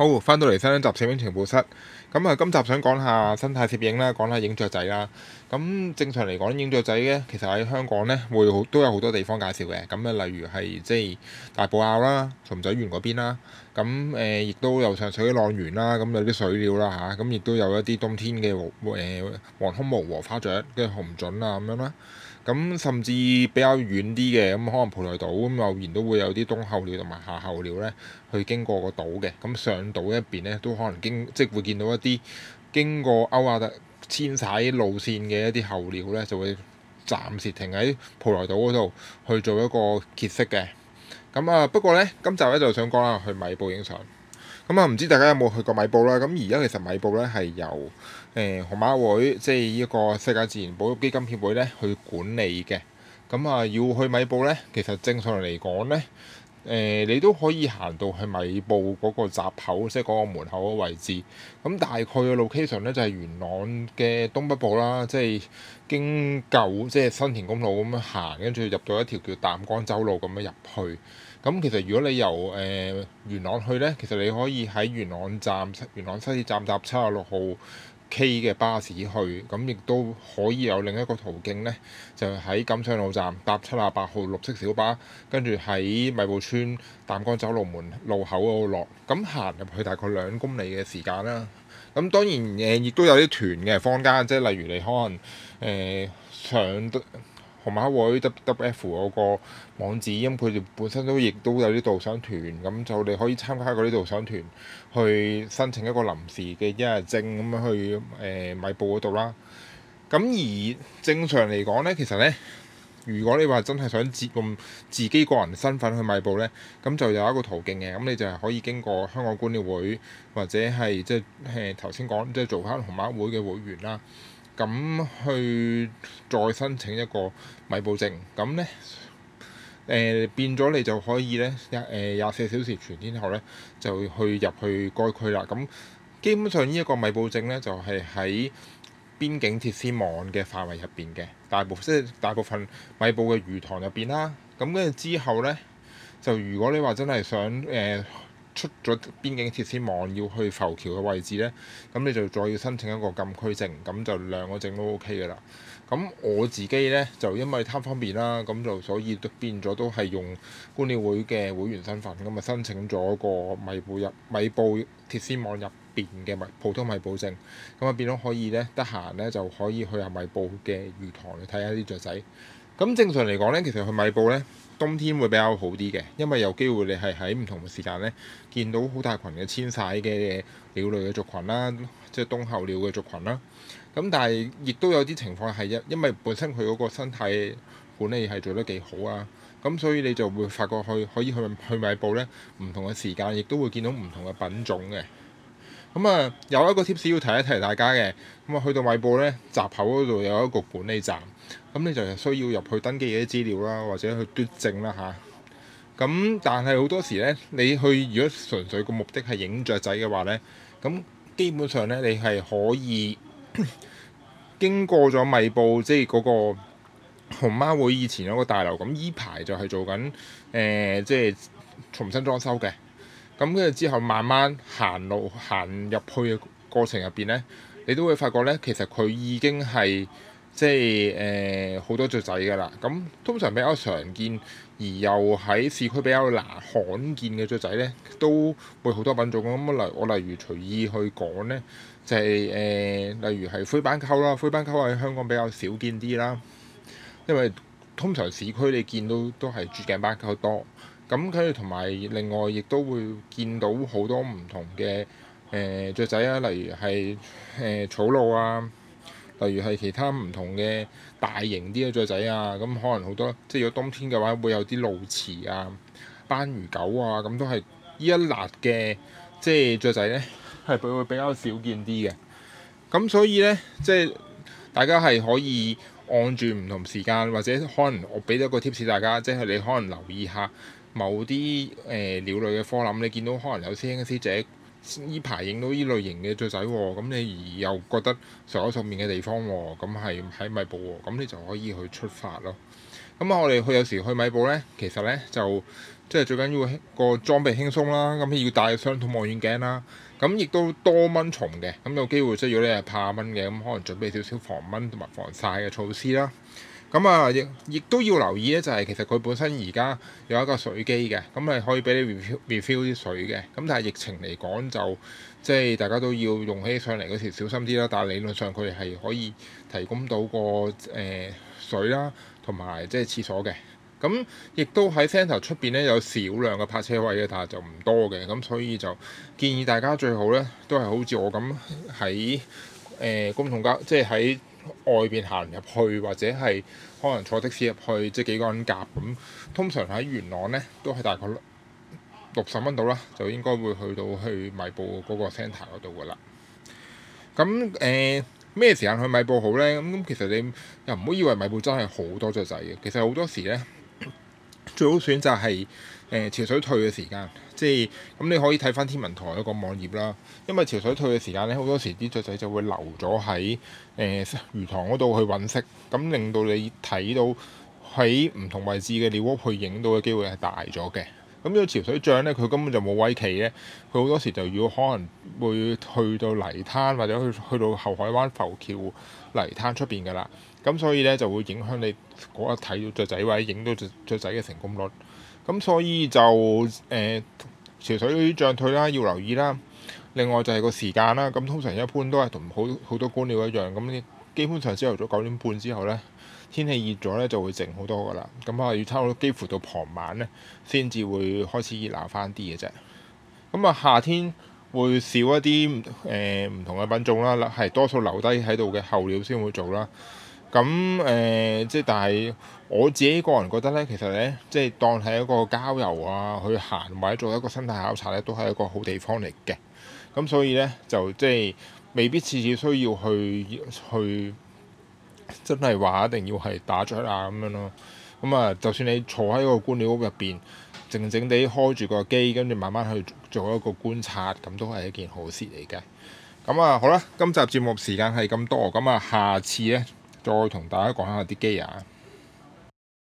好，翻到嚟新一集攝影情報室，咁啊，今集想講下生態攝影啦，講下影雀仔啦。咁正常嚟講，影雀仔咧，其實喺香港咧，會好都有好多地方介紹嘅。咁啊，例如係即係大埔滘啦、松仔園嗰邊啦。咁誒，亦都有上水嘅塱原啦。咁有啲水鳥啦嚇，咁亦都有一啲冬天嘅黃誒黃胸鵐禾花雀、跟住紅隼啊咁樣啦。咁甚至比較遠啲嘅，咁可能蒲台島咁，偶然都會有啲冬候鳥同埋夏候鳥咧，去經過個島嘅。咁上島一邊咧，都可能經即係會見到一啲經過歐亞特遷徙路線嘅一啲候鳥咧，就會暫時停喺蒲台島嗰度去做一個歇息嘅。咁啊，不過咧，今集咧就想講下去米埔影相。咁啊，唔、嗯、知大家有冇去過米埔啦？咁而家其實米埔咧係由誒熊貓會，即係呢個世界自然保育基金協會咧去管理嘅。咁、嗯、啊、呃，要去米埔咧，其實正常嚟講咧。誒、呃，你都可以行到去米埔嗰個閘口，即係嗰個門口嘅位置。咁大概嘅 location 呢，就係元朗嘅東北部啦，即係經舊即係新田公路咁樣行，跟住入到一條叫淡江洲路咁樣入去。咁其實如果你由誒、呃、元朗去呢，其實你可以喺元朗站、元朗西鐵站搭七十六號 K 嘅巴士去，咁亦都可以有另一個途徑呢，就喺錦上路站搭七十八號綠色小巴，跟住喺米埔村擔竿洲路門路口度落，咁行入去大概兩公里嘅時間啦。咁當然誒，亦、呃、都有啲團嘅，坊間即係例如你可能誒、呃、上。紅馬會 W W F 嗰個網址，咁佢哋本身都亦都有啲導賞團，咁就你可以參加嗰啲導賞團，去申請一個臨時嘅一日證，咁樣去誒米埔嗰度啦。咁而正常嚟講呢，其實呢，如果你話真係想自用自己個人身份去米埔呢，咁就有一個途徑嘅，咁你就係可以經過香港觀鳥會，或者係即係頭先講，即係做翻紅馬會嘅會員啦。咁去再申請一個米埔證，咁咧誒變咗你就可以咧，廿誒廿四小時全天候咧就去入去該區啦。咁基本上呢一個米埔證咧就係喺邊境鐵絲網嘅範圍入邊嘅，大部即係、就是、大部分米埔嘅魚塘入邊啦。咁跟住之後咧，就如果你話真係想誒。呃出咗邊境鐵絲網要去浮橋嘅位置呢，咁你就再要申請一個禁區證，咁就兩個證都 OK 嘅啦。咁我自己呢，就因為貪方便啦，咁就所以都變咗都係用觀鳥會嘅會員身份，咁啊申請咗個米埔入米埔鐵絲網入邊嘅米普通米埔證，咁啊變咗可以呢，得閒呢就可以去下米埔嘅魚塘去睇下啲雀仔。咁正常嚟講咧，其實去米埔咧，冬天會比較好啲嘅，因為有機會你係喺唔同嘅時間咧，見到好大群嘅遷徙嘅嘢鳥類嘅族群啦，即係冬候鳥嘅族群啦。咁但係亦都有啲情況係因，因為本身佢嗰個生態管理係做得幾好啊，咁所以你就會發覺去可以去去米埔咧，唔同嘅時間亦都會見到唔同嘅品種嘅。咁啊，有一個 tips 要提一提大家嘅。咁啊，去到米埔咧，閘口嗰度有一個管理站，咁你就需要入去登記一啲資料啦，或者去奪證啦吓。咁、啊、但係好多時咧，你去如果純粹個目的係影雀仔嘅話咧，咁基本上咧你係可以 經過咗米埔，即係嗰個熊貓會以前有個大樓，咁依排就係做緊誒，即、呃、係、就是、重新裝修嘅。咁跟住之後，慢慢行路行入去嘅過程入邊呢，你都會發覺呢，其實佢已經係即係誒好多雀仔㗎啦。咁、嗯、通常比較常見而又喺市區比較難罕見嘅雀仔呢，都會好多品種。咁、嗯、我例我例如隨意去講呢，就係、是、誒、呃，例如係灰斑鳩啦，灰斑鳩喺香港比較少見啲啦，因為通常市區你見到都係珠頸斑鳩多。咁佢同埋另外，亦都會見到好多唔同嘅誒、呃、雀仔啊，例如係誒、呃、草鷺啊，例如係其他唔同嘅大型啲嘅雀仔啊。咁可能好多即係如果冬天嘅話，會有啲鸕鶿啊、斑魚狗啊，咁都係依一類嘅即係雀仔咧，係佢會比較少見啲嘅。咁所以咧，即係大家係可以按住唔同時間，或者可能我俾咗個 tips 大家，即係你可能留意下。某啲誒鳥類嘅科林，你見到可能有師兄師姐依排影到呢類型嘅雀仔喎，咁你又覺得熟口熟面嘅地方喎，咁係喺米埔喎，咁你就可以去出發咯。咁啊，我哋去有時去米埔呢，其實呢就即係最緊要個裝備輕鬆啦，咁你要帶雙筒望遠鏡啦，咁亦都多蚊蟲嘅，咁有機會即係如果你係怕蚊嘅，咁可能準備少少防蚊同埋防曬嘅措施啦。咁啊，亦亦都要留意咧，就係、是、其實佢本身而家有一個水機嘅，咁係可以俾你 refill refill 啲水嘅。咁但係疫情嚟講，就，即係大家都要用起上嚟嗰時小心啲啦。但係理論上佢係可以提供到個誒、呃、水啦，同埋即係廁所嘅。咁亦都喺 center 出邊咧有少量嘅泊車位嘅，但係就唔多嘅。咁所以就建議大家最好咧都係好似我咁喺誒公共交，即係喺。外邊行入去，或者係可能坐的士入去，即係幾個人夾咁。通常喺元朗呢，都係大概六十蚊度啦，就應該會去到去米埔嗰個 centre 嗰度噶啦。咁誒咩時間去米埔好呢？咁其實你又唔好以為米埔真係好多雀仔嘅，其實好多時呢，最好選擇係誒、呃、潮水退嘅時間。即係咁，你可以睇翻天文台一個網頁啦。因為潮水退嘅時間咧，好多時啲雀仔就會留咗喺誒魚塘嗰度去揾食，咁令到你睇到喺唔同位置嘅鳥屋去影到嘅機會係大咗嘅。咁呢個潮水漲咧，佢根本就冇位企嘅，佢好多時就要可能會去到泥灘或者去去到後海灣浮橋泥灘出邊噶啦。咁所以咧就會影響你嗰日睇到雀仔或者影到雀雀仔嘅成功率。咁所以就誒、呃、潮水漲退啦，要留意啦。另外就係個時間啦。咁通常一般都係同好好多觀鳥一樣，咁基本上朝頭早九點半之後呢，天氣熱咗呢就會靜好多㗎啦。咁啊，要差唔多幾乎到傍晚呢，先至會開始熱鬧翻啲嘅啫。咁啊，夏天會少一啲誒唔同嘅品種啦，係多數留低喺度嘅候鳥先會做啦。咁誒，即係、呃，但係我自己個人覺得咧，其實咧，即係當係一個郊遊啊，去行或者做一個生態考察咧，都係一個好地方嚟嘅。咁所以咧，就即係未必次次需要去去真係話一定要係打雀啊咁樣咯。咁啊，啊就算你坐喺個觀鳥屋入邊，靜靜地開住個機，跟住慢慢去做一個觀察，咁都係一件好事嚟嘅。咁啊，好啦，今集節目時間係咁多，咁啊，下次咧～再同大家講下啲 gear。